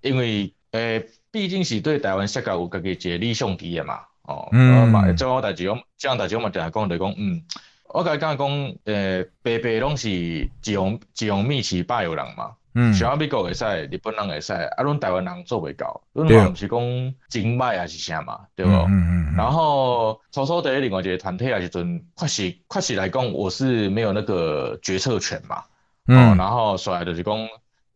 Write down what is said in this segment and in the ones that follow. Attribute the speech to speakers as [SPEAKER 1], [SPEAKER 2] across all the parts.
[SPEAKER 1] 因為誒畢、欸、竟是對台灣世界有家己一個理想處嘅嘛，
[SPEAKER 2] 哦，嗯，
[SPEAKER 1] 嗯做代志講，即做代志我嘛定係講，嚟講嗯，我甲伊講講，誒、欸，白白，攏是自用自用，米奇拜有人嘛，嗯，像美國會使，日本人會使，啊，你台灣人做袂到，你唔係唔係講真歹啊，是啥嘛，嗯、對無，嗯嗯嗯。然後初初佇誒另外一個團體啊，就陣確實確實來講，我是沒有那個決策權嘛，嗯，哦、然後所以著是講。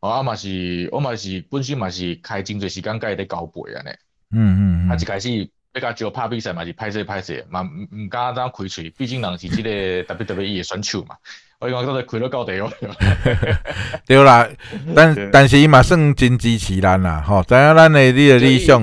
[SPEAKER 1] 啊、我嘛是，我嘛是，本身嘛是開真濟時間，甲伊啲交背安尼，嗯嗯啊一開始比較少拍比賽，嘛是拍攝拍攝，毋毋敢安怎開喙，畢竟人是呢特別特別嘢選手嘛。我講嗰個開到地調，
[SPEAKER 3] 對啦。但、 嗯、但是，伊嘛算真支持咱啦，吼但係，我哋呢個理想。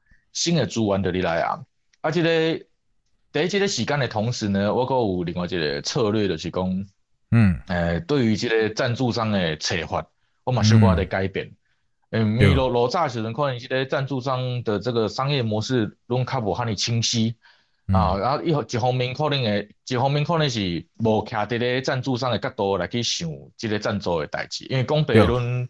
[SPEAKER 1] 新的做完着你來啊！啊、這個！即個第一即個時間的同時呢，我閣有另外一個策略，就是講，嗯，誒、呃，對於即個贊助商嘅策劃，我嘛小可仔咧改變。嗯，因為老早時陣，可能即個贊助商的這個商業模式攏較無赫爾清晰、嗯、啊。然後一一方面可能誒一方面可能是無倚佇咧贊助商嘅角度來去想即個贊助嘅代志，因為講白論。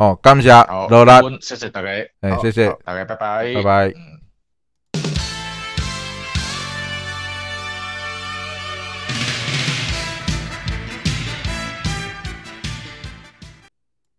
[SPEAKER 3] 哦，感謝羅蘭，謝謝大家，誒，謝謝大家，拜拜，拜拜。